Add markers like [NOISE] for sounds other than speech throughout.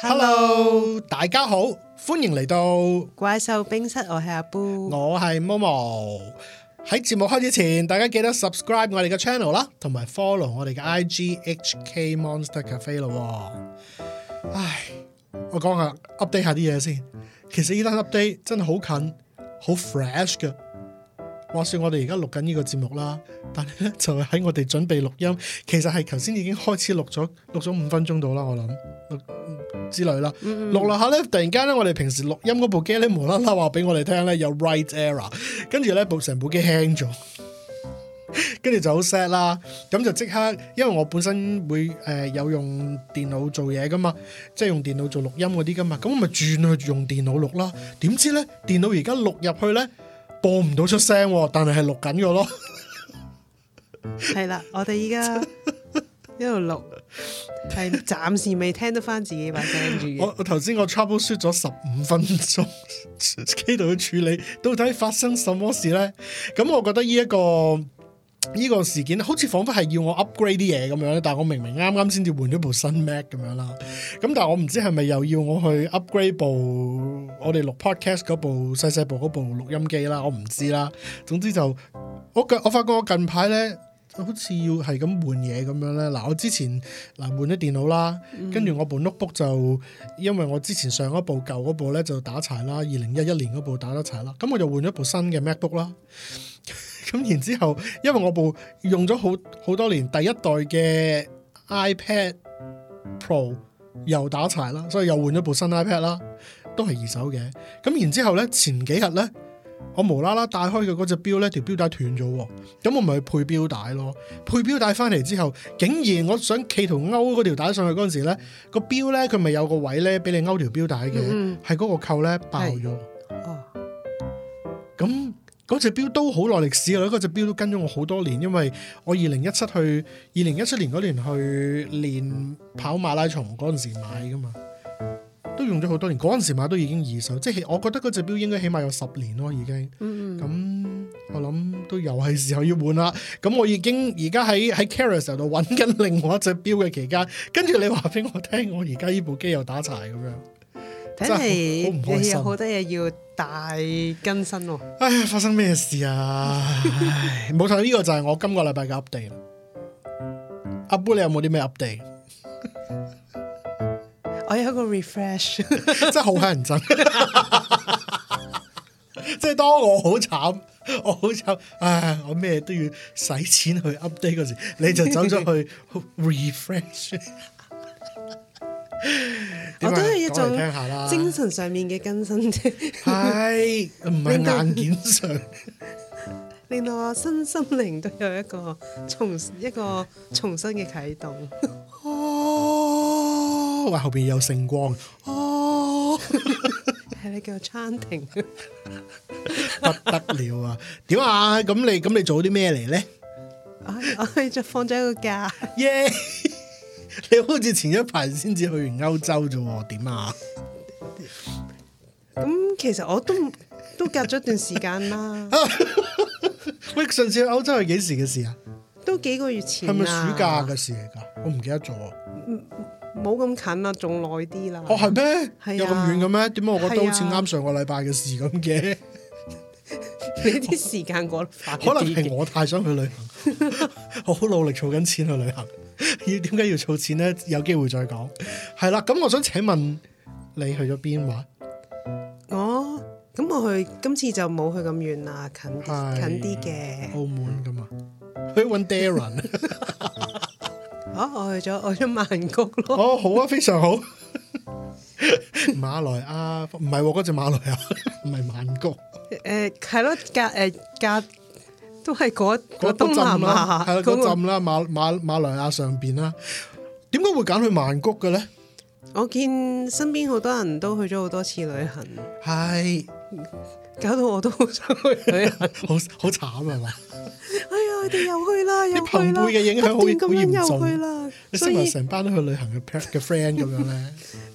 Hello，Hello。大家好，歡迎嚟到怪獸冰室。我係阿 Boo，我係 MoMo。喺節目開始前，大家記得 subscribe 我哋嘅 channel 啦，同埋 follow 我哋嘅 IG HK Monster Cafe 咯。唉，我講下 update 下啲嘢先。其實呢單 update 真係好近，好 fresh 嘅。話說我哋而家錄緊呢個節目啦，但係咧就係喺我哋準備錄音，其實係頭先已經開始錄咗，錄咗五分鐘到啦。我諗。之類啦，錄落、嗯、下咧，突然間咧，我哋平時錄音嗰部機咧，無啦啦話俾我哋聽咧有 write error 跟住咧部成部機 hang 咗，跟住就好 sad 啦。咁就即刻，因為我本身會誒、呃、有用電腦做嘢噶嘛，即係用電腦做錄音嗰啲噶嘛，咁我咪轉去用電腦錄啦。點知咧電腦而家錄入去咧播唔到出聲，但係係錄緊嘅咯。係啦，我哋依家。 [LAUGHS] 一路錄，係暫 [LAUGHS] 時未聽得翻自己把聲住，我我頭先我 Trouble shoot 咗十五分鐘幾度去處理，到底發生什麼事呢？咁我覺得呢、呢、一個呢、呢個事件，好似仿佛係要我 upgrade 啲嘢咁樣，但係我明明啱啱先至換咗部新 Mac 咁樣啦。咁但係我唔知係咪又要我去 upgrade 部我哋錄 Podcast 嗰部細細部嗰部錄音機啦？我唔知啦。總之就我我發覺我近排呢。好似要係咁換嘢咁樣咧，嗱我之前嗱換咗電腦啦，跟住、嗯、我部 notebook 就因為我之前上一部舊嗰部咧就打柴啦，二零一一年嗰部打咗柴啦，咁我就換咗部新嘅 macbook 啦。 [LAUGHS] 咁然之後，因為我部用咗好好多年第一代嘅 iPad Pro 又打柴啦，所以又換咗部新 iPad 啦，都係二手嘅。咁然之後咧，前幾日咧。我無啦啦帶開佢嗰隻表咧，條表帶斷咗，咁我咪去配表帶咯。配表帶翻嚟之後，竟然我想企圖勾嗰條帶上去嗰陣時咧，個表咧佢咪有個位咧俾你勾條表帶嘅，係嗰、嗯、個扣咧爆咗。哦，咁嗰隻表都好耐歷史啦，嗰隻表都跟咗我好多年，因為我二零一七去二零一七年嗰年去練跑馬拉松嗰陣時買噶嘛。都用咗好多年，嗰陣時買都已經二手，即係我覺得嗰隻表應該起碼有十年咯，已經。咁、mm hmm. 我諗都又係時候要換啦。咁我已經而家喺喺 Carus 度揾緊另外一隻表嘅期間，跟住你話俾我聽，我而家呢部機又打柴咁樣。真係，好唔開心，你有好多嘢要大更新喎、哦。哎呀，發生咩事啊？ [LAUGHS] 唉，冇睇冇錯，呢個就係我今個禮拜嘅 update。阿布，你有冇啲咩 update？ [LAUGHS] 我有一個 refresh， [LAUGHS] 真係好乞人憎，即係當我好慘，我好慘，唉，我咩都要使錢去 update 嗰時，你就走咗去 refresh。 [LAUGHS] 樣我都係一種精神上面嘅更新啫，係唔係硬件上？令到我身心靈都有一個重一個重新嘅啟動。 [LAUGHS] 話後邊有盛光哦，係 [LAUGHS] 你叫 Chanting [LAUGHS] 不得了啊！點啊？咁你咁你做啲咩嚟咧？ [LAUGHS] 我去就放咗一個假，耶！Yeah! [LAUGHS] 你好似前一排先至去完歐洲啫，點啊？咁 [LAUGHS] 其實我都都隔咗段時間啦。 [LAUGHS] 喂，上次去歐洲係幾時嘅事啊？都幾個月前。係咪暑假嘅事嚟噶？我唔記得咗。嗯冇咁近啦，仲耐啲啦。哦，係咩？啊、有咁遠嘅咩？點解我覺得好似啱上個禮拜嘅事咁嘅？呢啲，啊、 [LAUGHS] 時間過快， [LAUGHS] 可能係我太想去旅行，好 [LAUGHS] 努力儲緊錢去旅行。要點解要儲錢咧？有機會再講。係啦，啊，咁我想請問你去咗邊話？我咁，哦、我去今次就冇去咁遠啦，近啲是近啲嘅。澳門噶嘛？去搵 Darren [LAUGHS] [LAUGHS] 啊、哦！我去咗，我去曼谷咯。哦，好啊，非常好。 [LAUGHS] 馬來亞唔係嗰隻馬來亞，唔係曼谷。誒、 [LAUGHS] 啊，係、啊、咯，隔誒隔都係嗰嗰東南亞係咯嗰浸啦馬馬馬來亞上邊啦。點解會揀去曼谷嘅咧？我見身邊好多人都去咗好多次旅行，係是搞到我都好想去旅行， [LAUGHS] 好好慘係嘛。 [LAUGHS] 我哋又去啦，又去啦，點咁樣又去啦？所以成班都去旅行嘅 friend 咁樣咧，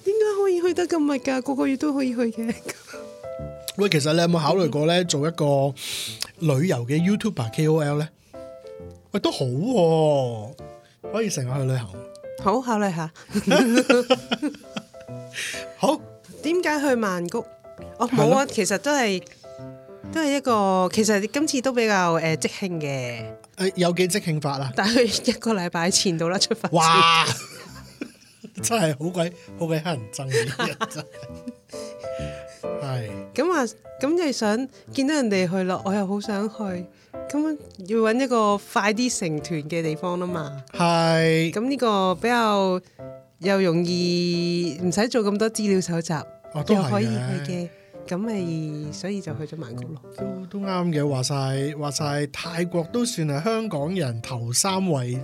點解可以去得咁密噶？個個月都可以去嘅。喂，其實你有冇考慮過咧，做一個旅遊嘅 YouTuber KOL 咧？喂，都好，可以成日去旅行。好，考慮下。好，點解去曼谷？哦，冇啊，其實都係都係一個，其實今次都比較誒即興嘅。 [NOISE] 有幾即興法啦！但係佢一個禮拜前到啦，出發前。哇嘩！ [LAUGHS] [LAUGHS] 真係好鬼好鬼乞人憎嘅，真 [LAUGHS] 係 [LAUGHS] [LAUGHS] 是。係。咁啊，咁你想見到人哋去咯，我又好想去。咁要搵一個快啲成團嘅地方啦嘛。係是。咁呢個比較又容易，唔使做咁多資料搜集，又、啊、可以去嘅。咁咪所以就去咗曼谷咯，嗯嗯、都啱嘅，話晒，話晒。泰國都算係香港人頭三位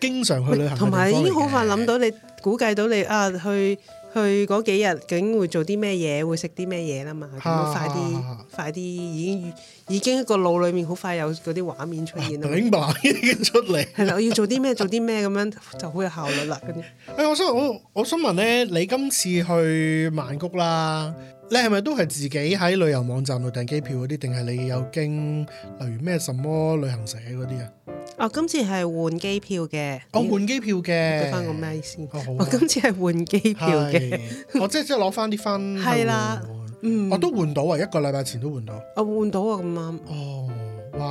經常去旅行，同埋已經好快諗到你 [NOISE] 估計到你啊去。去嗰幾日究竟會做啲咩嘢，會食啲咩嘢啦嘛？咁、啊、快啲，啊啊、快啲，已經已經個腦裏面好快有嗰啲畫面出現啦。明白，已經出嚟，係啦， [LAUGHS] 我要做啲咩，做啲咩咁樣就好有效率啦。咁誒、哎，我想我我想問咧，你今次去曼谷啦，你係咪都係自己喺旅遊網站度訂機票嗰啲，定係你有經例如咩什,什麼旅行社嗰啲啊？我哦，今、哦啊、次係換機票嘅，我換機票嘅，得翻個咪先。我今次係換機票嘅，我即係即係攞翻啲分。係啦，嗯，我都換到啊，一個禮拜前都換到。我換到啊，咁啱。哦，哇，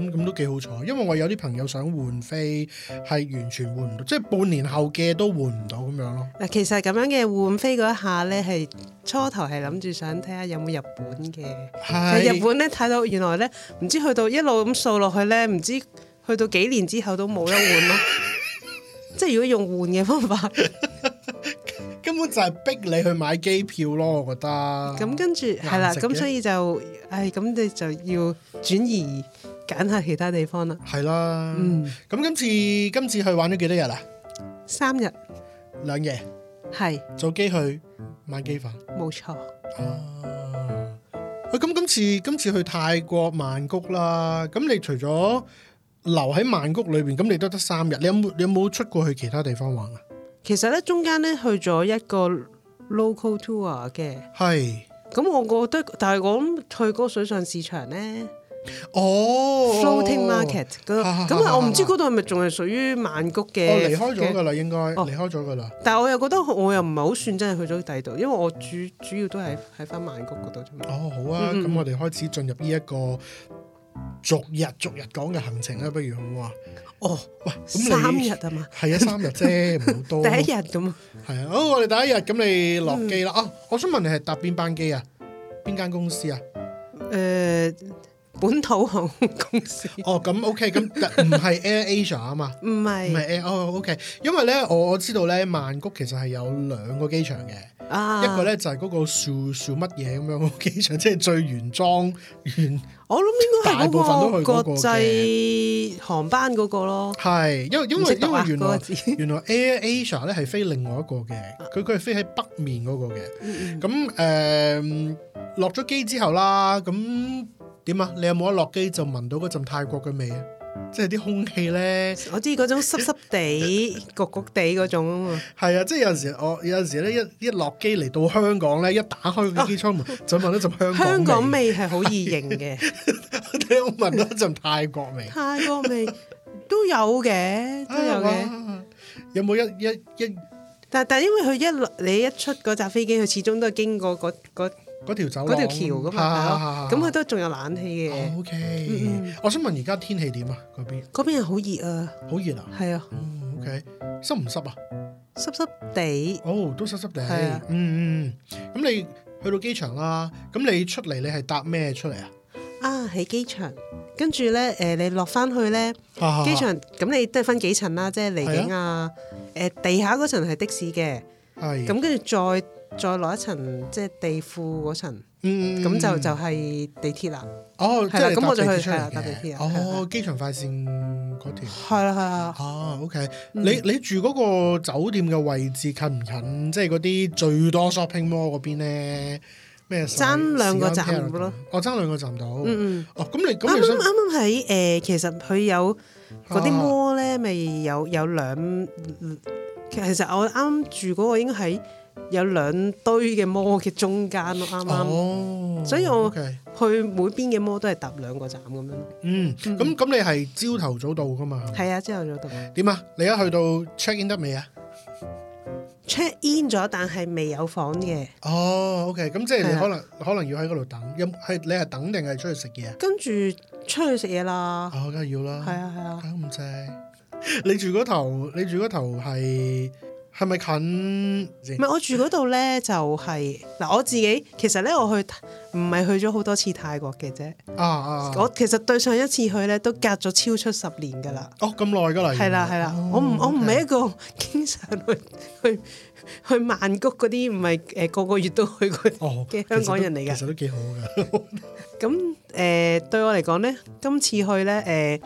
咁咁都幾好彩，因為我有啲朋友想換飛，係完全換唔到，即係半年後嘅都換唔到咁樣咯。嗱，其實咁樣嘅換飛嗰一下咧，係初頭係諗住想睇下有冇日本嘅，係是日本咧睇到原來咧，唔知去到一路咁掃落去咧，唔知。去到幾年之後都冇得換咯， [LAUGHS] 即係如果用換嘅方法， [LAUGHS] 根本就係逼你去買機票咯。我覺得咁、嗯、跟住係啦，咁所以就，唉、哎，咁你就要轉移揀下其他地方啦。係啦的，嗯，咁今次今次去玩咗幾多日啊？三日，兩夜，係早機去，晚機返，冇錯錯。啊，喂、哎，咁今次今次去泰國曼谷啦，咁你除咗留喺曼谷裏邊，咁你都得三日。你有冇你有冇出過去其他地方玩啊？其實咧，中間咧去咗一個 local tour 嘅，係。咁我覺得，但係我諗去嗰個水上市場咧，哦 floating market 嗰，咁啊，我唔知嗰度係咪仲係屬於曼谷嘅。我離開咗噶啦，應該離開咗噶啦。但係我又覺得我又唔係好算真係去咗第二度，因為我主主要都係喺翻曼谷嗰度啫嘛。哦，好啊，咁我哋開始進入呢一個。逐日逐日講嘅行程咧，不如好話，啊，哦，oh, 喂，咁三日啊嘛，係啊，三日啫，唔好 [LAUGHS] 多，第一日咁啊，係啊，好，我哋第一日咁，你落機啦啊，我想問你係搭邊班機啊？邊間公司啊，誒、呃。本土航空公司哦，咁 OK，咁唔係 AirAsia 啊嘛，唔係唔係 Air 哦，OK，因為咧，我我知道咧，曼谷其實係有兩個機場嘅，一個咧就係嗰個少少乜嘢咁樣嘅機場，即係最原裝原，我諗應該大部分都去國際航班嗰個咯，係因為因為因為原來原來 AirAsia 咧係飛另外一個嘅，佢佢係飛喺北面嗰個嘅，咁誒落咗機之後啦，咁。點啊？你有冇一落機就聞到嗰陣泰國嘅味啊？即係啲空氣咧，我知嗰種濕濕地、焗焗地嗰種啊嘛。係啊，即係有陣時我有陣時咧，一一落機嚟到香港咧，一打開個機艙門就聞到陣香，香港味。香港味係好易認嘅，我聞到一陣泰，泰國味。泰國味都有嘅，都有嘅。有冇一一一？但但因為佢一你一出嗰架飛機，佢始終都係經過嗰、嗰個。嗰條走廊，嗰條橋，噶咁，佢都仲有冷氣嘅。O K，我想問而家天氣點啊？嗰邊，嗰邊係好熱啊！好熱啊！係啊。嗯，O K，濕唔濕啊？濕濕地。哦，都濕濕地。係啊。嗯嗯。咁你去到機場啦，咁你出嚟你係搭咩出嚟啊？啊，喺機場，跟住咧，誒，你落翻去咧，機場，咁你都係分幾層啦，即係離境啊，誒，地下嗰層係的士嘅。係。咁跟住再。再落一層，即係地庫嗰層，咁就就係地鐵啦。哦，係啦，咁我就去搭地鐵啊。哦，機場快線嗰條，係啦，係啦。啊，OK，你你住嗰個酒店嘅位置近唔近？即係嗰啲最多 shopping mall 嗰邊咧？咩？爭兩個站咁咯。我爭兩個站到。哦，咁你啱啱啱喺誒，其實佢有嗰啲 mall 咧，咪有有兩。其實我啱住嗰個應該喺。有兩堆嘅摩嘅中間咯，啱啱，所以我去每邊嘅摩都係搭兩個站咁樣。嗯，咁咁你係朝頭早到㗎嘛？係啊，朝頭早到。點啊？你一去到 check in 得未啊？check in 咗，但係未有房嘅。哦，OK，咁即係你可能可能要喺嗰度等，有係你係等定係出去食嘢？跟住出去食嘢啦。哦，梗係要啦。係啊，係啊。咁唔正？你住嗰頭？你住嗰頭係？係咪近？唔係，我住嗰度咧就係、是、嗱，我自己其實咧我去唔係去咗好多次泰國嘅啫、啊。啊啊！我其實對上一次去咧都隔咗超出十年噶啦。哦，咁耐噶啦。係啦係啦，我唔我唔係一個經常去去去曼谷嗰啲，唔係誒個個月都去過嘅香港人嚟嘅。其實都幾好噶。咁 [LAUGHS] 誒、呃，對我嚟講咧，今次去咧誒。呃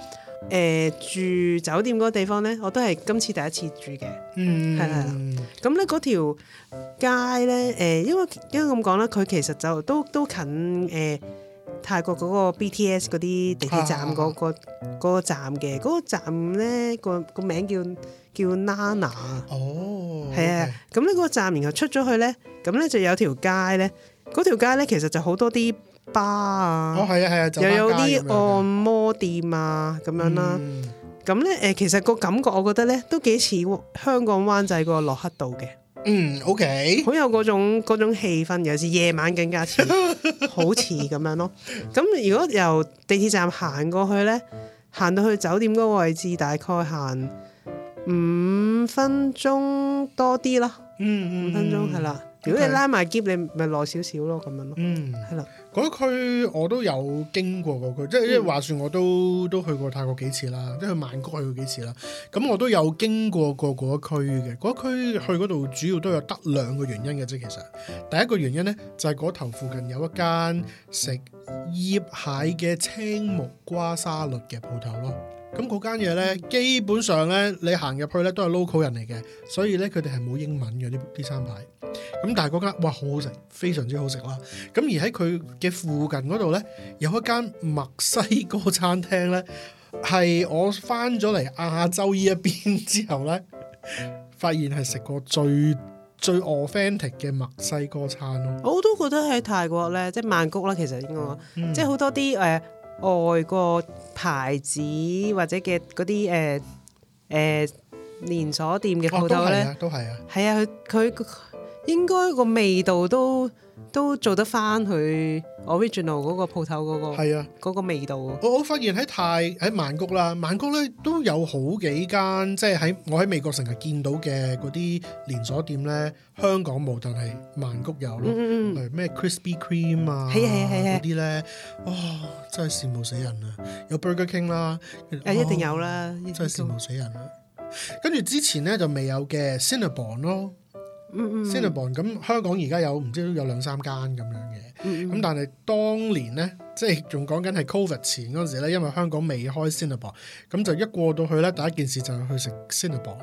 誒、呃、住酒店嗰地方咧，我都係今次第一次住嘅，係係啦。咁咧嗰條街咧，誒、呃，因為因為咁講咧，佢其實就都都近誒、呃、泰國嗰個 BTS 嗰啲地鐵站嗰個站嘅，嗰、那個、個站咧個個名叫叫 Nana。哦，係啊。咁咧嗰個站，然後出咗去咧，咁咧就有條街咧，嗰、那、條、個、街咧其實就好多啲。巴啊！Bar, 哦，係啊，係啊，又有啲按摩店啊，咁、嗯、樣啦。咁咧，誒，其實個感覺，我覺得咧，都幾似香港灣仔嗰個樂克道洛克道嘅。嗯，OK，好有嗰種嗰種氣氛，尤其是夜晚更加似，好似咁樣咯、啊。咁如果由地鐵站行過去咧，行到去酒店嗰個位置，大概行五分鐘多啲咯。嗯，五分鐘係、嗯、啦。okay 如果你拉埋喼你咪耐少少咯，咁樣咯。嗯，係啦、嗯。嗰區我都有經過過嗰區，即係即係話説，我都都去過泰國幾次啦，即係去曼谷去過幾次啦，咁我都有經過過嗰一區嘅。嗰、嗰個、區去嗰度主要都有得兩個原因嘅啫，其實第一個原因咧就係、係、嗰頭附近有一間食醃蟹嘅青木瓜沙律嘅鋪頭咯。咁嗰間嘢咧，基本上咧，你行入去咧都係 local 人嚟嘅，所以咧佢哋係冇英文嘅呢啲餐牌。咁但係嗰間哇好好食，非常之好食啦。咁而喺佢嘅附近嗰度咧，有一間墨西哥餐廳咧，係我翻咗嚟亞洲呢一邊之後咧，發現係食過最最 authentic 嘅墨西哥餐咯。我都覺得喺泰國咧，即曼谷啦，其實應該、嗯、即好多啲誒。呃外國牌子或者嘅嗰啲誒誒連鎖店嘅鋪頭咧，都係啊，係啊，佢佢、啊、應該個味道都都做得翻佢 original 嗰個鋪頭，嗰個係啊，嗰個味道。我我發現喺泰喺曼谷啦，曼谷咧都有好幾間，即係喺我喺美國成日見到嘅嗰啲連鎖店咧，香港冇，但係曼谷有咯。誒咩 Crispy Cream 啊？係啊係啊係啊！啲咧，哇、哦、真係羨慕死人啊！有 Burger King 啦，誒一定有啦，哦、有真係羨慕死人啦、啊！跟住之前咧就未有嘅 Cinnabon 咯。嗯嗯，Cinnabon 咁香港而家有唔知有兩三間咁樣嘅，咁、mm hmm. 但係當年咧，即係仲講緊係 covid 前陣時咧，因為香港未開 Cinnabon，咁就一過到去咧，第一件事就係去食 Cinnabon，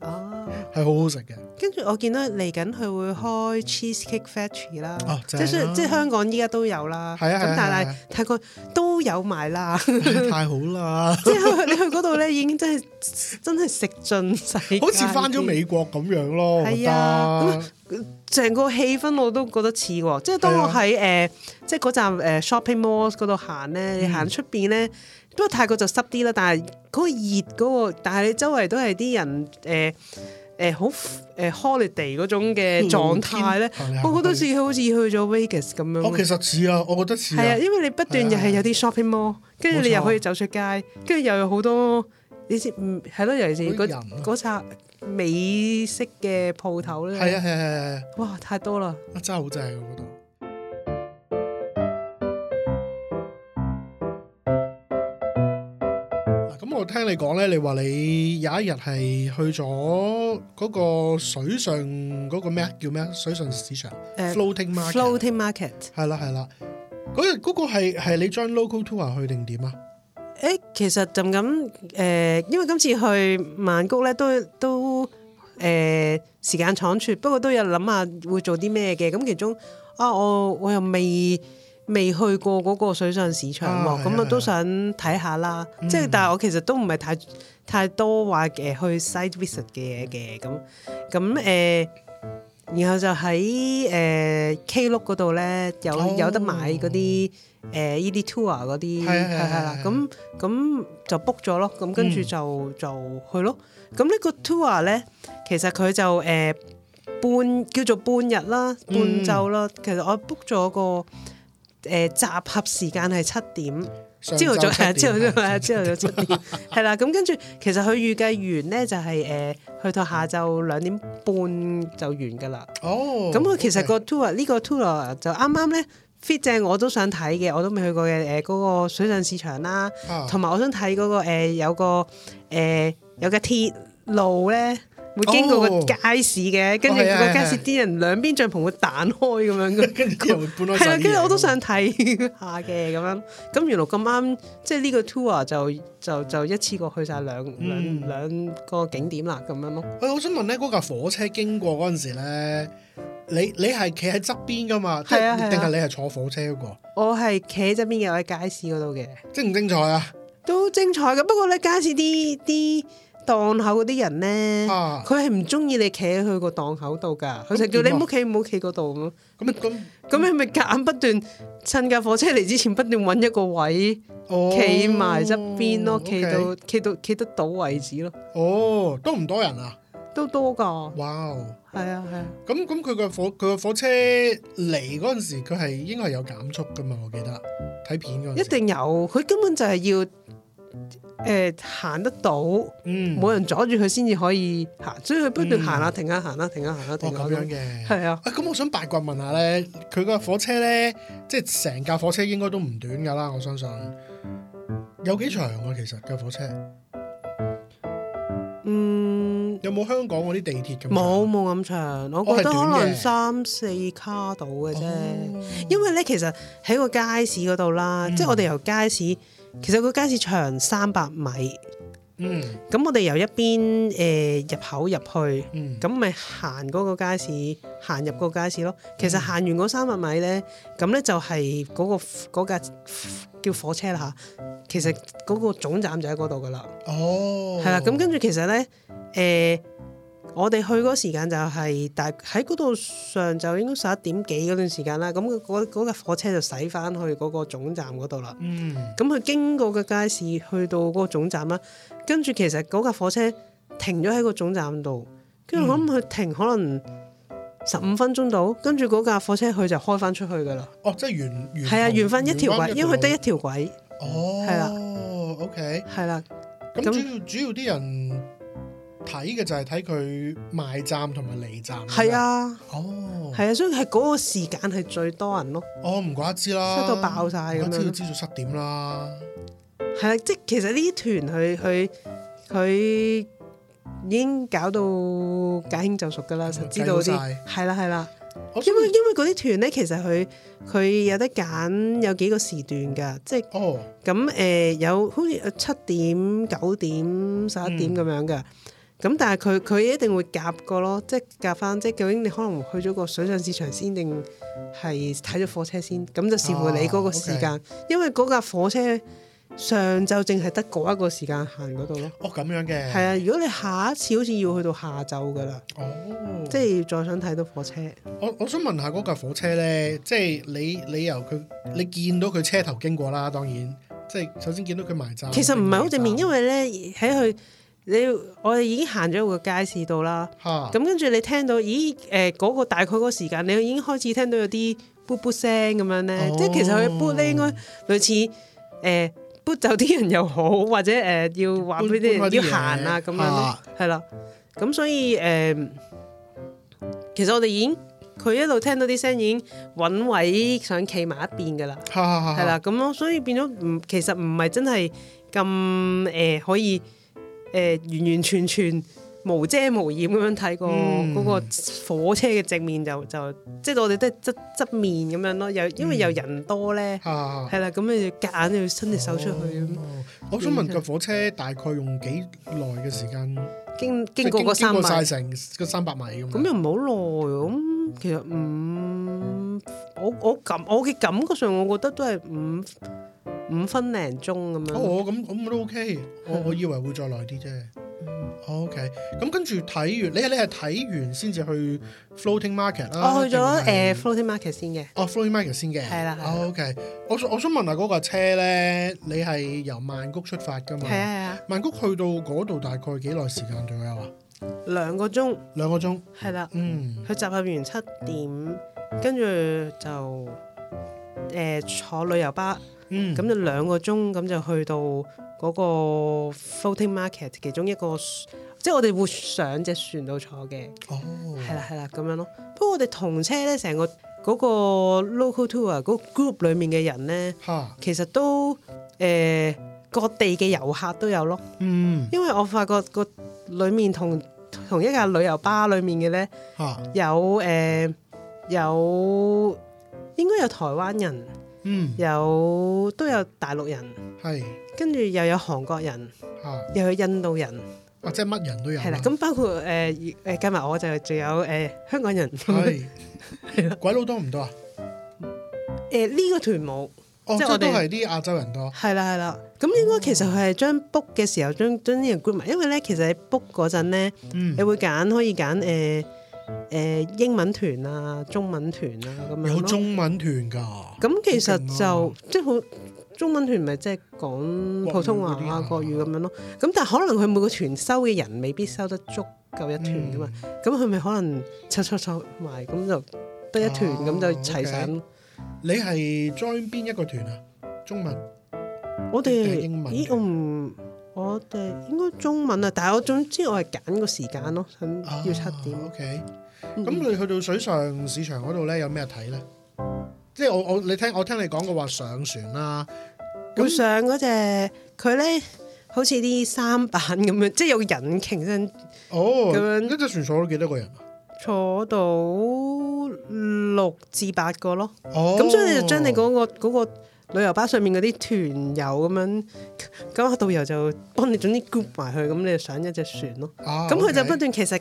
係、oh. 好好食嘅。跟住我見到嚟緊佢會開 Cheesecake Factory 啦，即係即係香港依家都有啦。係啊，咁但係泰國都有埋啦。太好啦！即係你去嗰度咧，已經真係真係食盡世。好似返咗美國咁樣咯。係啊，咁成個氣氛我都覺得似喎。即係當我喺誒，即係嗰站誒 shopping malls 嗰度行咧，行出邊咧，不過泰國就濕啲啦。但係嗰個熱嗰個，但係你周圍都係啲人誒。誒、呃、好誒、呃、holiday 嗰種嘅狀態咧，我好多時好似去咗 Vegas 咁樣。哦，其實似啊，我覺得似。係啊，因為你不斷的又係有啲 shopping mall，跟住錯你又可以走出街，跟住又有好多，你知係咯、嗯，尤其是嗰嗰扎美式嘅鋪頭咧。係啊係係係，哇！太多啦，真係好正，我覺得。聽你講咧，你話你有一日係去咗嗰個水上嗰個咩？叫咩啊？水上市場、uh, floating market，floating market 係啦係啦。嗰日嗰個係係你 join local tour 去定點啊？誒、欸，其實就咁誒、呃，因為今次去曼谷咧，都都誒、呃、時間倉促，不過都有諗下會做啲咩嘅。咁其中啊，我我又未。未去過嗰個水上市場喎，咁我都想睇下啦。即係，但係我其實都唔係太太多話誒去 site visit 嘅嘢嘅咁。咁誒，然後就喺誒 Klook 嗰度咧，有有得買嗰啲誒依啲 tour 嗰啲係係啦。咁咁就 book 咗咯。咁跟住就就去咯。咁呢個 tour 咧，其實佢就誒半叫做半日啦，半晝啦。其實我 book 咗個。誒、呃、集合時間係七點，朝頭早朝頭早，朝頭早七點，係啦、嗯。咁跟住，其實佢預計完咧，就係、是、誒、呃、去到下晝兩點半就完噶啦。哦，咁佢其實個 tour、er, er、呢個 tour 就啱啱咧 fit 正，我都想睇嘅，我都未去過嘅。誒、呃、嗰、那個水上市場啦，同埋、oh。我想睇嗰、那個、呃、有個誒、呃、有個鐵、呃、路咧。會經過街、哦、個街市嘅，跟住個街市啲人兩邊帳篷會彈開咁樣嘅，係啦、哦，跟住我都想睇下嘅咁樣。咁原來咁啱，即係呢個 tour 就就就一次過去晒兩兩兩個景點啦，咁樣咯。誒、哎，我想問咧，嗰架火車經過嗰陣時咧，你你係企喺側邊噶嘛？係啊定係、啊、你係坐火車過、嗰個？我係企喺側邊嘅，我喺街市嗰度嘅。精唔精彩啊？都精彩嘅，不過咧街市啲啲。檔口嗰啲人咧，佢係唔中意你企喺佢個檔口度噶，佢就叫你唔好企唔好企嗰度咯。咁咁咁，你咪夾硬不斷，趁架火車嚟之前不斷揾一個位，企埋側邊咯，企到企到企得到位置咯。哦，多唔多人啊？都多噶。哇！係啊係啊。咁咁，佢個火佢個火車嚟嗰陣時，佢係應該係有減速噶嘛？我記得睇片嗰陣。一定有，佢根本就係要。誒，行得到，嗯，冇人阻住佢先至可以行，所以佢不斷行啦，停啦，行啦，停啦，行啦，停啦，咁樣嘅，係啊，咁我想八卦問下咧，佢個火車咧，即係成架火車應該都唔短噶啦，我相信有幾長啊，其實架火車，嗯，有冇香港嗰啲地鐵咁長？冇冇咁長，我覺得可能三四卡到嘅啫，因為咧，其實喺個街市嗰度啦，即係我哋由街市。其實個街市長三百米，嗯，咁我哋由一邊誒、呃、入口入去，嗯，咁咪行嗰個街市，行入個街市咯。其實行完嗰三百米咧，咁咧就係嗰架叫火車啦嚇。其實嗰個總站就喺嗰度噶啦，哦，係啦。咁跟住其實咧，誒、呃。我哋去嗰時間就係大喺嗰度上晝應該十一點幾嗰段時間啦，咁嗰架火車就駛翻去嗰個總站嗰度啦。嗯，咁佢經過個街市去到嗰個總站啦，跟住其實嗰架火車停咗喺個總站度，跟住我諗佢停可能十五分鐘到，跟住嗰架火車佢就開翻出去噶啦。哦，即係圓圓，係啊，緣分一條軌，因為佢得一條軌。哦，係啦，OK，係啦。咁主要主要啲人。睇嘅就係睇佢賣站同埋離站，係啊，哦，係啊，所以係嗰個時間係最多人咯。哦，唔怪得知啦，塞到爆晒咁樣，都知至少七點啦。係啊，即係其實呢啲團佢佢佢已經搞到駕輕就熟噶啦，就知道啲係啦係啦。因為因為嗰啲團咧，其實佢佢有得揀有幾個時段噶，即係哦咁誒、呃，有好似七點、九點、十一點咁樣噶。咁但係佢佢一定會夾過咯，即係夾翻，即係究竟你可能去咗個水上市場先，定係睇咗火車先？咁就視乎你嗰個時間，啊 okay、因為嗰架火車上晝淨係得嗰一個時間行嗰度咯。哦，咁樣嘅。係啊，如果你下一次好似要去到下晝噶啦。哦。嗯、即係再想睇到火車。哦、我我想問下嗰架火車咧，即係你你由佢，你見到佢車頭經過啦，當然，即係首先見到佢埋站。其實唔係好正面，周因為咧喺佢。你我哋已經行咗個街市度啦，咁跟住你聽到，咦？誒嗰個大概嗰個時間，你已經開始聽到有啲噗噗聲咁樣咧，即係其實佢噗咧應該類似誒噗走啲人又好，或者誒要話俾啲人要行啊咁樣，係啦。咁所以誒，其實我哋已經佢一路聽到啲聲已經揾位想企埋一邊噶啦，係啦。咁咯，所以變咗唔其實唔係真係咁誒可以。誒、呃、完完全全無遮無掩咁樣睇過嗰、嗯、個火車嘅正面就，就就即係我哋都係側側面咁樣咯。又因為又人多咧，係啦、嗯，咁你夾硬要伸隻手出去。我想問架樣火車大概用幾耐嘅時間？經經過嗰三晒成嗰三百米咁。咁又唔好耐喎。咁其實五、嗯，我我，我感我嘅感覺上，我覺得都係五。嗯五分零鐘咁樣。哦，咁咁都 OK。我我以為會再耐啲啫。OK。咁跟住睇完，你係你係睇完先至去 floating market 啦。我去咗誒 floating market 先嘅。哦 floating market 先嘅。係啦。OK。我我想問下嗰個車嗰架車咧，你係由曼谷出發噶嘛？係啊係啊。曼谷去到嗰度大概幾耐時間左右啊？兩個鐘。兩個鐘。係啦。嗯。佢集合完七點，跟住就誒坐旅遊巴。咁就、嗯、兩個鐘，咁就去到嗰個 floating market，其中一個即係我哋會上隻船度坐嘅。哦，係啦係啦咁樣咯。不過我哋同車咧，成個嗰個 local tour 嗰個 group 裏面嘅人咧，哈其實都誒、呃、各地嘅遊客都有咯。嗯，因為我發覺個裡面同同一架旅遊巴裡面嘅咧哈、呃，有誒有應該有台灣人。嗯，有都有大陸人，係跟住又有韓國人，又有印度人，或者乜人都有。係啦，咁包括誒誒，加埋我就仲有誒香港人。係鬼佬多唔多啊？誒呢個團冇，即係都係啲亞洲人多。係啦係啦，咁應該其實佢係將 book 嘅時候將將啲人 group 埋，因為咧其實喺 book 嗰陣咧，你會揀可以揀誒。誒，英文團啊，中文團啊，咁樣有中文團噶。咁其實就、啊、即係好，中文團咪即係講普通話啊，嗯、國語咁樣咯。咁但係可能佢每個團收嘅人未必收得足夠一團噶嘛。咁佢咪可能湊湊湊埋，咁就得一團咁、啊、就齊晒。okay. 你係 join 邊一個團啊？中文。我哋們英文。咦、嗯，我唔。我哋應該中文啊，但係我總之我係揀個時間咯，要七點。OK，咁你去到水上市場嗰度咧，有咩睇咧？即係我我你聽我聽你講嘅話，上船啦、啊，咁上嗰隻佢咧，好似啲三板咁樣，即係有引擎。緊。哦，咁一隻船坐咗幾多個人啊？坐到六至八個咯。哦，咁所以你就將你嗰個嗰個。那個旅遊巴上面嗰啲團友咁樣，咁個導遊就幫你總之 group 埋去，咁你就上一隻船咯。咁佢、啊、就不斷、啊 okay、其實嗰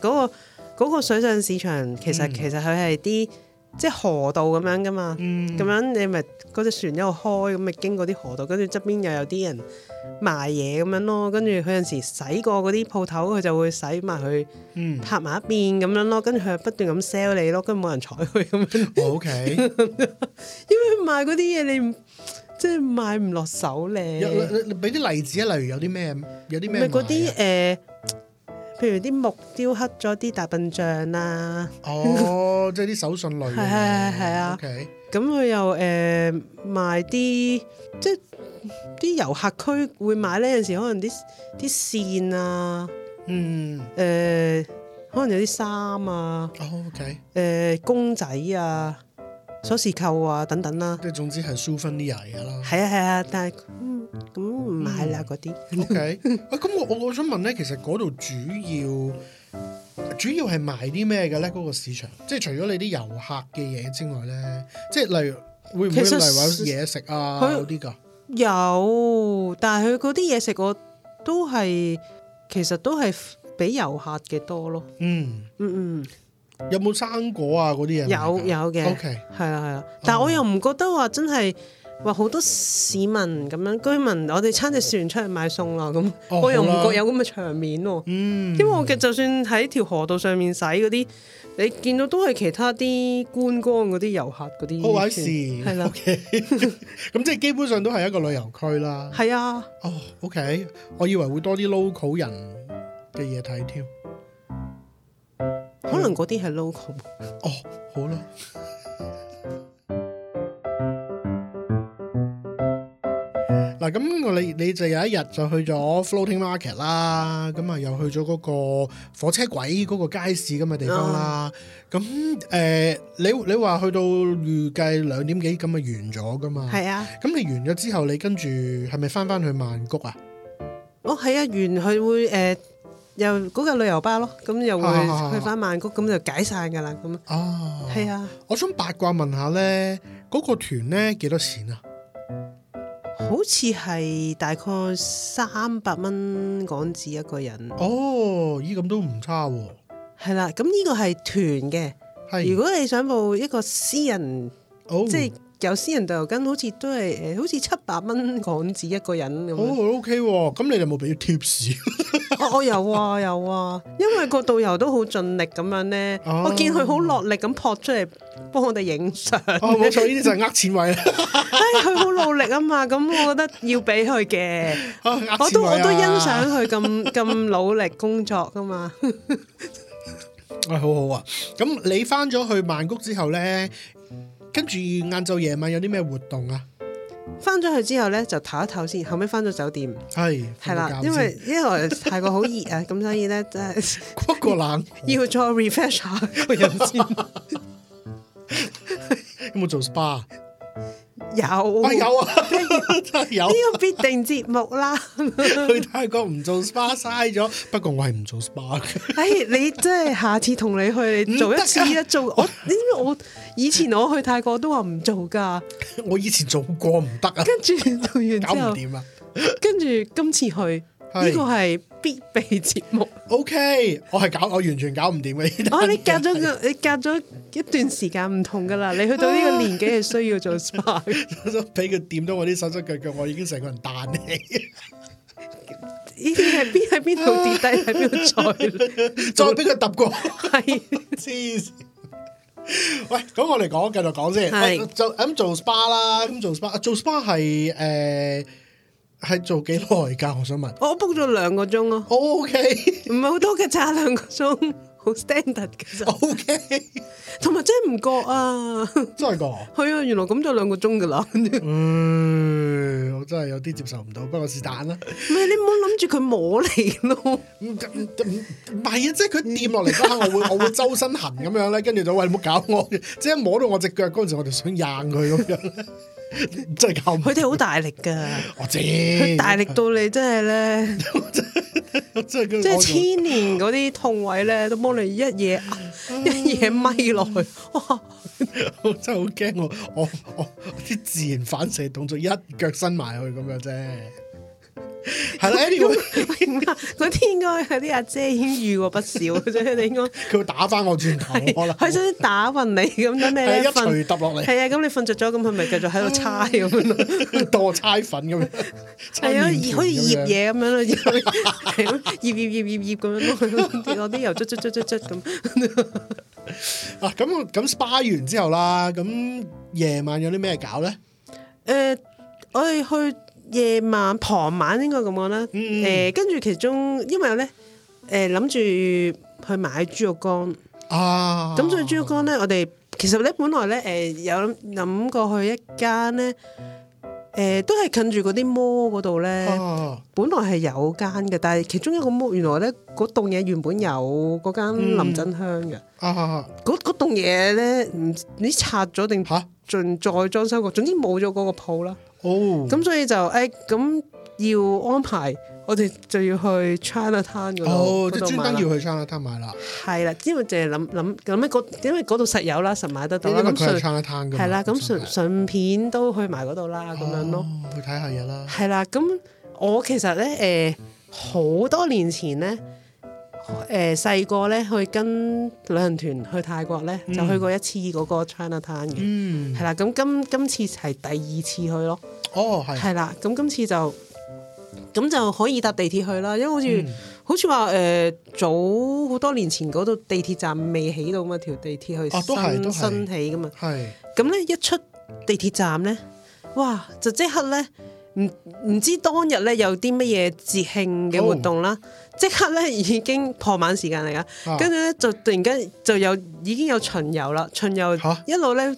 個、嗰個水上市場其實、嗯、其實佢係啲。即係河道咁樣噶嘛，咁、嗯、樣你咪嗰隻船一路開，咁咪經過啲河道，跟住側邊又有啲人賣嘢咁樣咯，跟住佢有時洗過嗰啲鋪頭，佢就會洗埋去，嗯、拍埋一邊咁樣咯，跟住佢不斷咁 sell 你咯，跟住冇人睬佢咁樣。哦、o、okay、K， [LAUGHS] 因為賣嗰啲嘢你唔，即係賣唔落手咧。你俾啲例子啊，例如有啲咩，有啲咩？咪嗰啲誒。呃譬如啲木雕刻咗啲大笨象啊，哦， [LAUGHS] 即係啲手信類，係係啊。咁佢 Okay. 又誒賣啲，即係啲遊客區會買呢，有時可能啲啲線啊，嗯，誒、呃，可能有啲衫啊、oh,，OK，誒、呃，公仔啊。鎖匙扣啊，等等啦。即係總之係 show 翻啲嘢啦。係啊係啊，但係嗯咁唔買啦嗰啲。OK，咁我我我想問咧，其實嗰度主要主要係賣啲咩嘅咧？嗰個市場，即係除咗你啲遊客嘅嘢之外咧，即係例如會唔會例如話啲嘢食啊？有啲噶。有，但係佢嗰啲嘢食，我都係其實都係俾遊客嘅多咯。嗯嗯嗯。嗯嗯嗯嗯有冇生果啊？嗰啲嘢有麼有嘅的，OK，係啦係啦，但係我又唔覺得話真係話好多市民咁樣居民，我哋撐隻船出嚟買餸啦，咁我又唔覺得有咁嘅場面喎。嗯、哦，因為我嘅就算喺條河道上面洗嗰啲，你見到都係其他啲觀光嗰啲遊客嗰啲，好玩事係啦。咁即係基本上都係一個旅遊區啦。係啊。哦，OK，我以為會多啲 local 人嘅嘢睇添。可能嗰啲係 local。哦，好啦。嗱，咁我哋，你就有一日就去咗 floating market 啦，咁啊又去咗嗰個火車軌嗰個街市咁嘅地方啦。咁誒、哦呃，你你話去到預計兩點幾咁啊完咗㗎嘛？係啊。咁你完咗之後，你跟住係咪返返去曼谷啊？哦，係啊，完佢會誒。呃又嗰個旅遊巴咯，咁又會去翻曼谷，咁、啊、就解散噶啦，咁。哦，係啊。啊我想八卦問下咧，嗰、嗰個團咧幾多錢啊？好似係大概三百蚊港紙一個人。哦，咦，咁都唔差喎、啊。係啦、啊，咁呢個係團嘅。係是。如果你想報一個私人，哦、即係。有私人導遊跟，好似都係誒，好似七百蚊港紙一個人咁。好 O K 喎，咁你有冇俾 tips？我有啊有啊，因為個導遊都好盡力咁樣咧，oh. 我見佢好落力咁撲出嚟幫我哋影相。哦，冇錯，呢啲就係呃錢位。誒、 [LAUGHS] 哎，佢好努力啊嘛，咁我覺得要俾佢嘅。Oh, 啊、我都我都欣賞佢咁咁努力工作噶嘛。誒、 [LAUGHS] 哎，好好啊！咁你翻咗去曼谷之後咧？跟住晏晝夜晚有啲咩活動啊？翻咗去之後咧就唞一唞先，後尾翻咗酒店，係係啦，因為因為泰國好熱啊，咁 [LAUGHS] 所以咧真係過過冷， [LAUGHS] [LAUGHS] 要再 refresh 下個人先。有冇做 spa？有有啊呢、 [LAUGHS] 啊、 [LAUGHS] 個必定節目啦！ [LAUGHS] 去泰國唔做 SPA 嘥咗，不過我係唔做 SPA 嘅、 [LAUGHS] 哎。係你真係下次同你去你做一次啊！做我，我你知我以前我去泰國都話唔做㗎。 [LAUGHS] 我以前做過唔得、啊，跟住做完之後， [LAUGHS] 搞唔掂 [LAUGHS] 跟住今次去呢個係。是必備節目。OK，我係搞，我完全搞唔掂嘅。哦，你隔咗個，你隔咗一段時間唔同噶啦。你去到呢個年紀係需要做 spa。我俾佢掂到我啲手手腳腳，我已經成個人彈起。呢啲係邊喺邊度跌低，喺邊度再再俾佢揼過？係黐線。喂，咁我嚟講，繼續講先。係就咁做 spa 啦，咁做 spa，做 spa 係誒。係做幾耐噶？我想問。Oh, 我 book 咗兩個鐘咯，啊。O K，唔係好多嘅，就係兩個鐘，好 standard 嘅。O K，同埋真係唔覺啊！真覺個。係啊，原來咁就兩個鐘噶啦。嗯，我真係有啲接受唔到，不過 [LAUGHS] [LAUGHS] 是但啦。唔係你唔好諗住佢摸你咯。唔係啊，即係佢掂落嚟嗰刻，我會我會周身痕咁樣咧，跟住就喂，你冇搞我。嘅， [LAUGHS] 即係摸到我隻腳嗰陣時，我就想硬佢咁樣咧。真係搞唔，佢哋好大力噶，我知，佢大力到你真係咧， [LAUGHS] 我真係的 [LAUGHS] 千年嗰啲痛位咧， [LAUGHS] 都幫你一嘢 [LAUGHS] 一嘢咪落去，哇！ [LAUGHS] 我真係好驚我我我啲自然反射動作一腳伸埋去咁樣啫。係啦，Andy 嗰啲應該係啲阿姐已經遇過不少嘅啫，你 [LAUGHS] 應該佢 [LAUGHS] 會打翻個轉頭，係是能想打暈你咁，等咩？ [LAUGHS] 一揼落嚟，係啊，咁你瞓着咗，咁佢咪繼續喺度猜咁樣咯，我、 [LAUGHS] 嗯、 [LAUGHS] 猜粉咁樣，係啊，好似醃嘢咁樣咯，醃醃醃醃醃咁樣咯，攞啲油捽捽捽捽捽咁。啊，咁咁 spa 完之後啦，咁夜晚有啲咩搞咧？誒、呃，我哋去。夜晚傍晚應該咁講啦，誒、嗯，跟、嗯、住、呃、其中，因為咧，誒諗住去買豬肉乾啊，咁所以豬肉乾咧，我哋其實咧本來咧，誒、呃、有諗過去一間咧，誒、呃、都係近住嗰啲 mall 嗰度咧，啊、本來係有間嘅，但係其中一個 mall 原來咧嗰棟嘢，原本有嗰間林真香嘅，嗰嗰棟嘢咧唔你拆咗定吓，仲再裝修過，哈總之冇咗嗰個鋪啦。哦，咁所以就誒，咁、哎、要安排我哋就要去 China Town 嗰度，即係、哦、專登要去 China Town 買啦。係啦，因為就係諗諗諗咩，因為嗰度實有啦，實買得到。咁佢係 China Town 嘅，係啦了，咁順順便都去埋嗰度啦，咁、哦、樣咯，去睇下嘢啦。係啦，咁我其實咧誒，好、呃、多年前咧。誒細個咧去跟旅行團去泰國咧，嗯、就去過一次嗰個 China Town 嘅，係啦、嗯。咁今今次係第二次去咯。哦，係。係啦，咁今次就咁就可以搭地鐵去啦，因為好似、嗯、好似話誒，早好多年前嗰度地鐵站未起到、啊、起嘛，條地鐵去新新起噶嘛。係的。咁咧的一出地鐵站咧，哇！就即刻咧～唔唔知當日咧有啲乜嘢節慶嘅活動啦，即、oh. 刻咧已經傍晚時間嚟啦，跟住咧就突然間就有已經有巡遊啦，巡遊一路咧 Huh?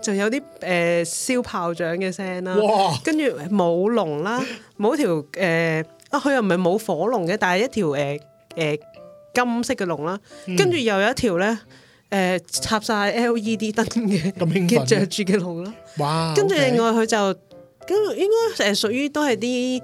就有啲誒燒炮仗嘅聲啦，跟住舞龍啦，舞條誒啊佢又唔係舞火龍嘅，但係一條誒誒金色嘅龍啦，跟住、mm. 又有一條咧誒插晒 LED 燈嘅嘅着住嘅龍啦，著著哇！跟、okay. 住另外佢就。咁應該誒屬於都係啲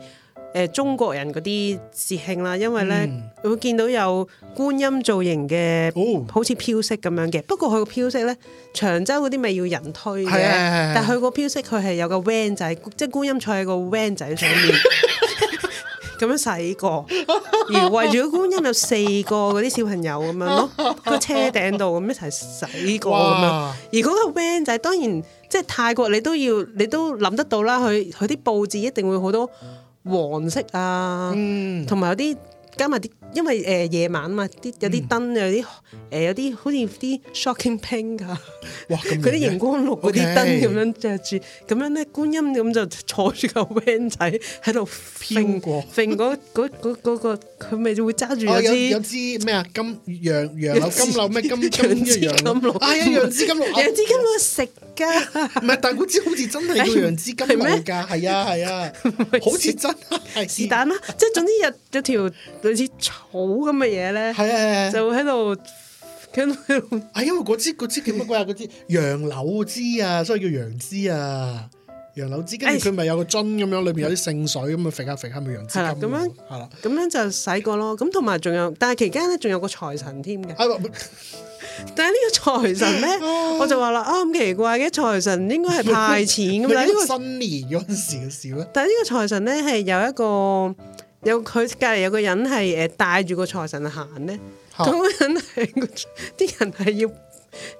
誒中國人嗰啲節慶啦，因為咧、嗯、會見到有觀音造型嘅，嗯、好似飄色咁樣嘅。不過佢個飄色咧，長洲嗰啲咪要人推嘅，的但佢個飄色佢係有個 van 仔，即係的觀音坐喺個 van 仔上面。 [LAUGHS] [LAUGHS] 咁樣洗過，而圍住個觀音有四個嗰啲小朋友咁樣咯，樣個車頂度咁一齊洗過咁樣。而嗰個 van 仔係當然，即係泰國你都要你都諗得到啦。佢佢啲佈置一定會好多黃色啊，同埋、嗯、有啲加埋啲，因為誒、呃、夜晚啊嘛，啲有啲燈有啲，嗯有誒有啲好似啲 shocking pink 噶，哇！嗰啲熒光綠嗰啲燈咁樣着住，咁樣咧觀音咁就坐住個 van 仔喺度飄過，飄嗰嗰嗰嗰個佢咪就會揸住有支有支咩啊？金楊楊柳金柳咩金金金柳，啊呀！楊枝金柳，楊枝金柳食㗎，唔係但係嗰支好似真係叫楊枝金柳㗎，係啊係啊，好似真係是但啦，即係總之有有條類似草咁嘅嘢咧，係啊，就喺度。係因為嗰支嗰支叫乜鬼啊？嗰支楊柳枝啊，所以叫楊枝啊，楊柳枝。跟住佢咪有個樽咁樣，裏面有啲聖水咁樣，肥下肥下咪楊枝。係啦，咁樣係啦，咁的樣就洗過咯。咁同埋仲有，但係期間咧仲有個財神添嘅。但係 [LAUGHS] 呢個財神咧，我就話啦，啊、哦、咁奇怪嘅財神應該係派錢咁啦。 [LAUGHS] 這個，新年嗰陣時嘅事咧。但係呢個財神咧係有一個，有佢隔籬有個人係誒帶住個財神行咧。咁真係，啲人係要，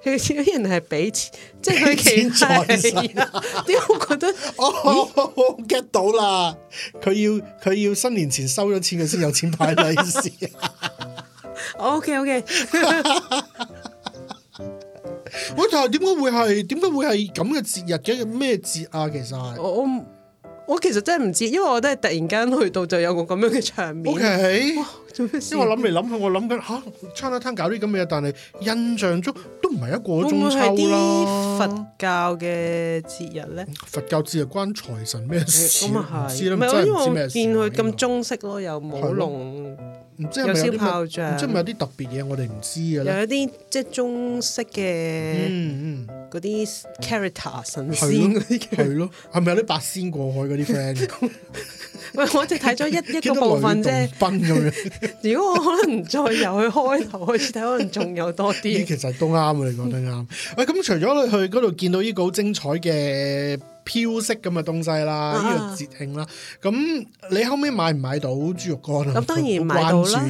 佢啲人係俾錢，即係佢期待。點解 [LAUGHS] 我覺得，我 get 到啦，佢要佢要新年前收咗錢，佢先有錢派利是。OK OK。喂，但係點解會係？點解會係咁嘅節日嘅？咩節啊？其實我我。我我其實真係唔知，因為我都係突然間去到就有個咁樣嘅場面。O Okay ? K，做咩事？因為我諗嚟諗去，我諗緊吓，Chinatown 搞啲咁嘅嘢，但係印象中都唔係一個中秋啦。會唔會係啲佛教嘅節日咧？佛教節日關財神咩事？咁啊係，嗯嗯嗯、因為我見佢咁中式咯，又冇龍。唔知係咪有燒炮仗，即係咪有啲特別嘢我哋唔知嘅咧？有一啲即係中式嘅，嗰啲 character 神仙嗰啲，係咯，係咪有啲八仙過海嗰啲 friend？喂， [LAUGHS] [LAUGHS] 我只睇咗一一個部分啫，分咁樣。 [LAUGHS] 如果我可能唔再由去開頭開始睇，可能仲有多啲。 [LAUGHS] [LAUGHS] 其實都啱嘅，你講得啱。喂、 [LAUGHS] 哎，咁除咗你去嗰度見到呢個好精彩嘅。飄色咁嘅東西啦，呢個節慶啦，咁、啊、你後尾買唔買到豬肉乾？咁當然買到啦。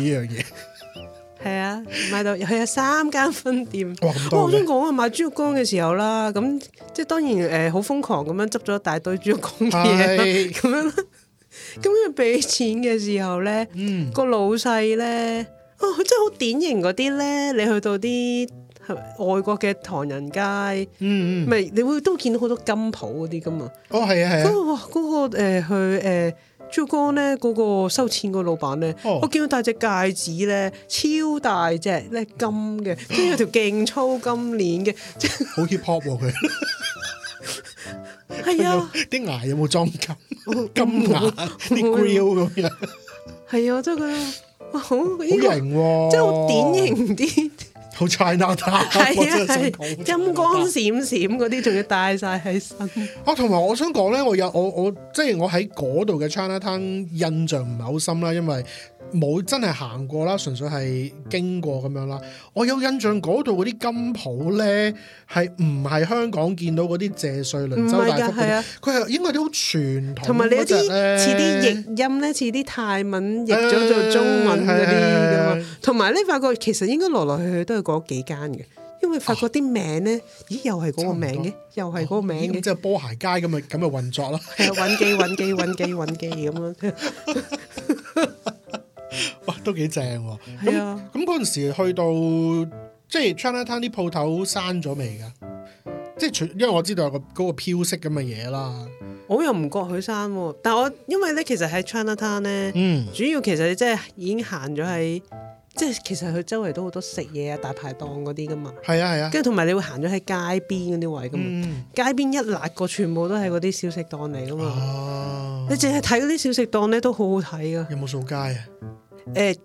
係啊，買到佢有三間分店。哇，咁多、哦、我想講啊，買豬肉乾嘅時候啦，咁即係當然誒，好、呃、瘋狂咁樣執咗一大堆豬肉乾嘅嘢，咁是樣啦。咁佢俾錢嘅時候咧，個、嗯、老細咧，哦，真係好典型嗰啲咧，你去到啲。外國嘅唐人街，嗯，咪你會都見到好多金鋪嗰啲噶嘛？哦，係啊，係啊。嗰個哇，嗰個誒去誒珠江咧，嗰個收錢個老闆咧，我見到戴隻戒指咧，超大隻，咧金嘅，跟住有條勁粗金鏈嘅，好 hip hop 喎佢。係啊，啲牙有冇裝金？金牙，啲 grill 咁樣。係啊，真係啊，哇，好，好型喎，即係好典型啲。套 China Town，金光閃閃嗰啲仲要戴晒喺身。 [LAUGHS] 啊，同埋我想講咧，我有我我即係、就是、我喺嗰度嘅 China Town 印象唔係好深啦，因為。冇真係行過啦，純粹係經過咁樣啦。我有印象嗰度嗰啲金鋪咧，係唔係香港見到嗰啲謝瑞麟、周大福？唔係㗎，係啊，佢係應該啲好傳統，同埋你有啲似啲譯音咧，似啲泰文譯咗做中文嗰啲同埋咧，發覺其實應該來來去去都係嗰幾間嘅，因為發覺啲名咧，咦又係嗰個名嘅，又係嗰個名嘅，即係波鞋街咁啊咁啊運作咯，揾機揾機揾機揾機咁樣！哇，都幾正喎！係啊、嗯。咁嗰陣時去到，即係 Chinatown 啲鋪頭閂咗未㗎？即係除，因為我知道有個嗰、嗰個飄色咁嘅嘢啦。我又唔覺佢閂，但係我因為咧，其實喺 Chinatown 咧，呢嗯、主要其實你即係已經行咗喺，即係其實佢周圍都好多食嘢啊，大排檔嗰啲㗎嘛。係啊係啊，跟住同埋你會行咗喺街邊嗰啲位㗎嘛。嗯、街邊一辣過，全部都係嗰啲小食檔嚟㗎嘛。啊、你淨係睇嗰啲小食檔咧，都好好睇㗎。有冇掃街啊？誒、欸，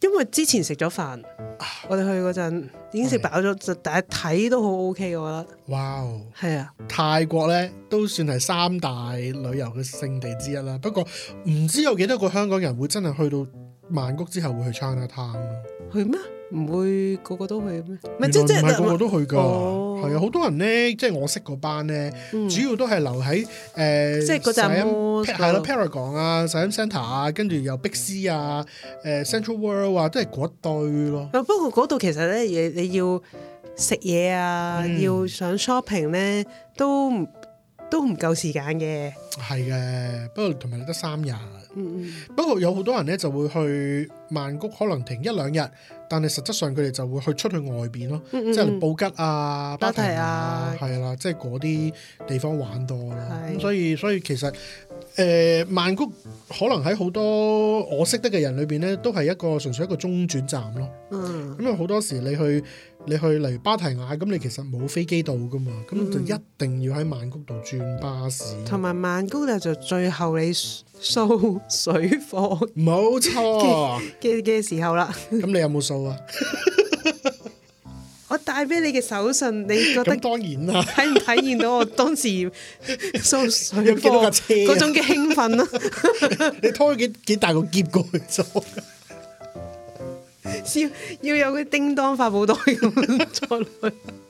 因為之前食咗飯，唉我哋去嗰陣已經食飽咗，就第一睇都好 OK 嘅，我覺得。哇 Wow, 的！係啊，泰國咧都算係三大旅遊嘅勝地之一啦。不過唔知有幾多個香港人會真係去到曼谷之後會去 Chinatown 咯。去咩？唔會個個都去咩？唔係個個都去噶，係啊！好多人咧，即係我識嗰班咧，主要都係留喺誒，即係嗰陣係咯，Paragon 啊 s h o p n t r 啊，跟住又碧斯啊，誒 Central World 啊、哦，即係嗰對咯。不過嗰度其實咧，誒你要食嘢啊，要想 shopping 咧，都都唔夠時間嘅。係嘅，不過同埋你得三日。不過有好多人咧就會去曼谷，可能停一兩日。但係實質上佢哋就會去出去外邊咯，嗯嗯，即係布吉啊、芭提雅，係啦，啊，即係嗰啲地方玩多咯。咁、嗯、的所以所以其實。誒、呃，曼谷可能喺好多我識得嘅人裏邊咧，都係一個純粹一個中轉站咯。嗯，咁啊好多時你去你去，你去例如芭提雅，咁你其實冇飛機到噶嘛，咁就一定要喺曼谷度轉巴士。同埋、嗯、曼谷就就最後你掃水貨，冇錯嘅嘅時候啦。咁你有冇掃啊？ [LAUGHS] 我帶俾你嘅手信，你覺得當然喇，睇唔體，體現到我當時坐水嗰種嘅興奮咯。 [LAUGHS] 你拖咗幾幾大個喼過去咗？要要有個叮當法寶袋咁再去。 [LAUGHS]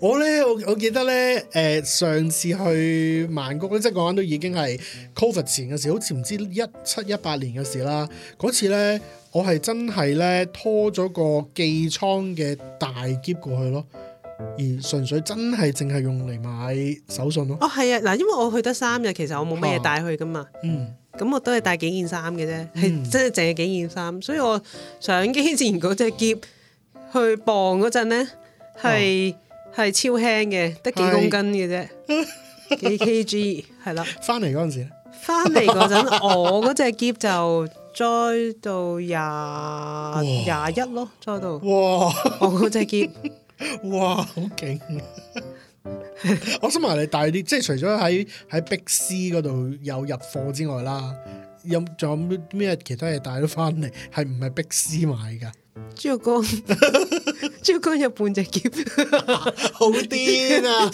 我咧，我我記得咧，誒、呃，上次去曼谷即係講緊都已經係 COVID 前嘅事，好似唔知一七一八年嘅事啦。嗰次咧，我係真係咧拖咗個寄倉嘅大篋過去咯，而純粹真係淨係用嚟買手信咯。哦，係啊，嗱，因為我去得三日，其實我冇咩嘢帶去噶嘛，啊。嗯。咁我都係帶幾件衫嘅啫，係、嗯、真係淨係幾件衫，所以我上機前嗰隻篋去磅嗰陣咧係。係超輕嘅，得幾公斤嘅啫， [LAUGHS] 幾 kg 係啦。翻嚟嗰陣時，翻嚟嗰陣我嗰隻箧就載到廿廿一咯，載到。哇！我嗰隻箧，哇，好勁，啊！ [LAUGHS] [LAUGHS] 我想問你帶啲，即係除咗喺喺 Big C 嗰度有入貨之外啦，有仲有咩其他嘢帶咗翻嚟？係唔係 Big C 買噶？豬肉乾，豬肉乾有半隻劫， [LAUGHS] 好癲瘋啊！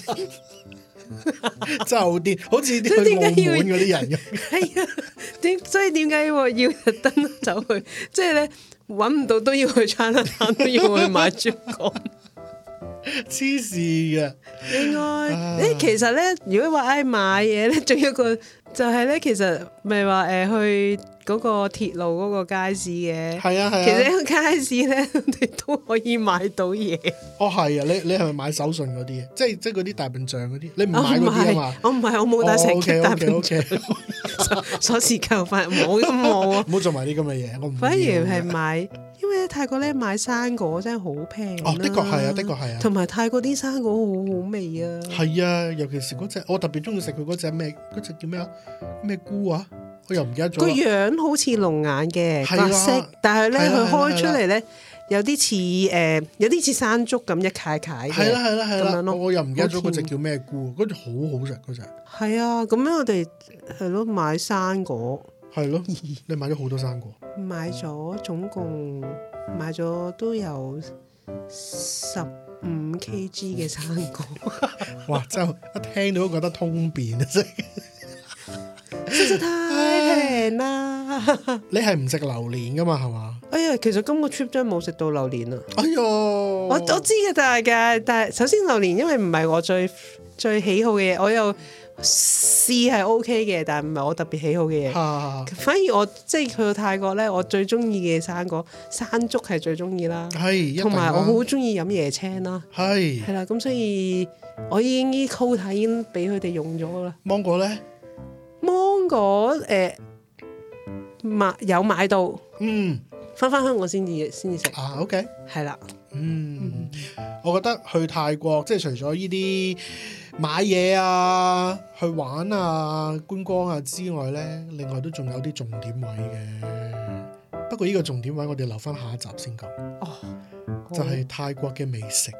真係好癲，好似啲去澳門嗰啲人咁。係啊，點所以點解要、, [LAUGHS] 哎、要要特登走去？即係咧，搵唔到都要去 Chinatown，都要去買豬肉乾，黐線嘅。另外，誒，其實咧，如果話誒買嘢咧，仲有一個。就係咧，其實咪話誒去嗰個鐵路嗰個街市嘅，係啊係啊。啊其實呢個街市咧， [LAUGHS] 你都可以買到嘢。哦係啊，你你係咪買手信嗰啲？即係即係嗰啲大笨象嗰啲？你唔買嗰啲啊嘛？我唔係，我冇帶成件。O K O K O K。鎖匙扣翻冇都冇啊！唔好 [LAUGHS] 做埋啲咁嘅嘢，我唔反而係買， [LAUGHS] 因為泰國咧買生果真係好平啊。哦，的確係啊，的確係啊。同埋泰國啲生果好好味啊。係啊，尤其是嗰隻，我特別中意食佢嗰隻咩？嗰隻叫咩啊？咩菇啊？我又唔記得咗個樣，好似龍眼嘅白色，但係咧佢開出嚟咧有啲似誒，有啲似山竹咁一塊塊嘅。係啦係啦係啦，我又唔記得咗嗰隻叫咩菇，嗰隻好好食嗰隻。係啊，咁樣我哋係咯買生果，係咯，你買咗好多生果，買咗總共買咗都有十五 kg 嘅生果。哇！就一聽到都覺得通便啊！真。真係太平啦！ [LAUGHS] 你係唔食榴蓮噶嘛？係嘛？哎呀，其實今個 trip 真係冇食到榴蓮啊！哎喲呦，我我知嘅，大家嘅，但係首先榴蓮因為唔係我最最喜好嘅嘢，我有試係 OK 嘅，但係唔係我特別喜好嘅嘢。啊、反而我即係去到泰國咧，我最中意嘅生果山竹係最中意啦。係。同埋我好中意飲椰青啦。係是。係啦，咁所以我已經啲 quota 已經俾佢哋用咗啦。芒果咧？我誒、呃、買有買到，嗯，翻翻香港先至先至食，啊，OK，係啦了，嗯，嗯，我覺得去泰國即係除咗呢啲買嘢啊、去玩啊、觀光啊之外咧，另外都仲有啲重點位嘅。嗯不過呢個重點位，我哋留翻下一集先講。哦，oh, oh. 就係泰國嘅美食。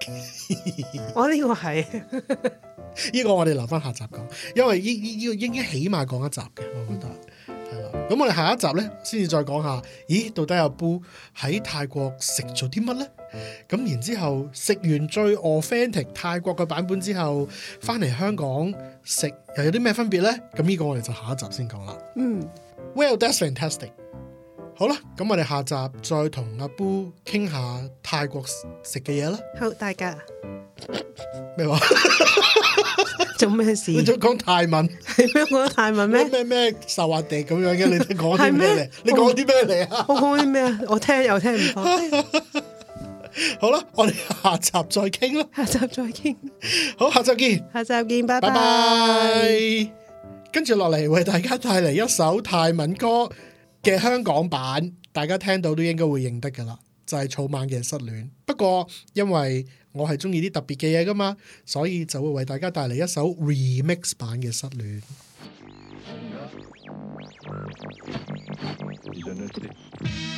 我呢個係，呢個我哋留翻下，下一集講。因為呢呢個應該起碼講一集嘅，我覺得係啦。咁我哋下一集呢，先至再講下，咦，到底阿布喺泰國食咗啲乜呢？咁然之後食完最 authentic 泰國嘅版本之後，翻嚟香港食又有啲咩分別呢？咁呢個我哋就下一集先講啦。嗯、mm.，Well that's fantastic。好啦，咁我哋下集再同 Ar Boo 傾下泰國食嘅嘢啦。好，大家咩 [LAUGHS] 話？做咩事？你想講泰文？ [LAUGHS] 你咩講泰文咩？咩咩受話地咁樣嘅？ [LAUGHS] 嗎你講啲咩嚟？你講啲咩嚟啊？ [LAUGHS] 我講啲咩？我聽又聽唔明。好啦，我哋 [LAUGHS] [LAUGHS] 下集再傾啦。下集再傾。好，下集見。下集見，拜拜。拜拜。跟住落嚟，為大家帶嚟一首泰文歌。嘅香港版，大家聽到都應該會認得噶啦，就係、是、草蜢嘅失戀。不過因為我係中意啲特別嘅嘢噶嘛，所以就會為大家帶嚟一首 remix 版嘅失戀。 [NOISE] [NOISE]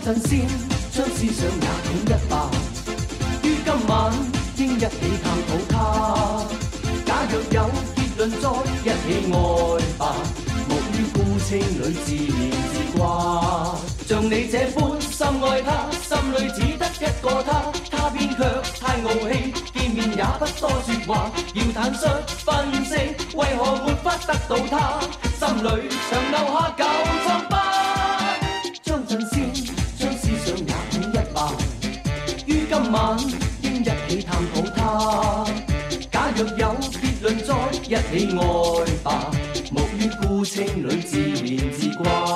先將，將思想也統一吧。於今晚，應一起探討他。假若有結論，再一起愛吧。莫於孤清裏自憐自掛。像你這般深愛他，心裏只得一個他。他偏卻太傲氣，見面也不多說話。要坦率分析，為何沒法得到他？心裏常留下舊創疤一起愛吧，沐於孤清裏自憐自掛。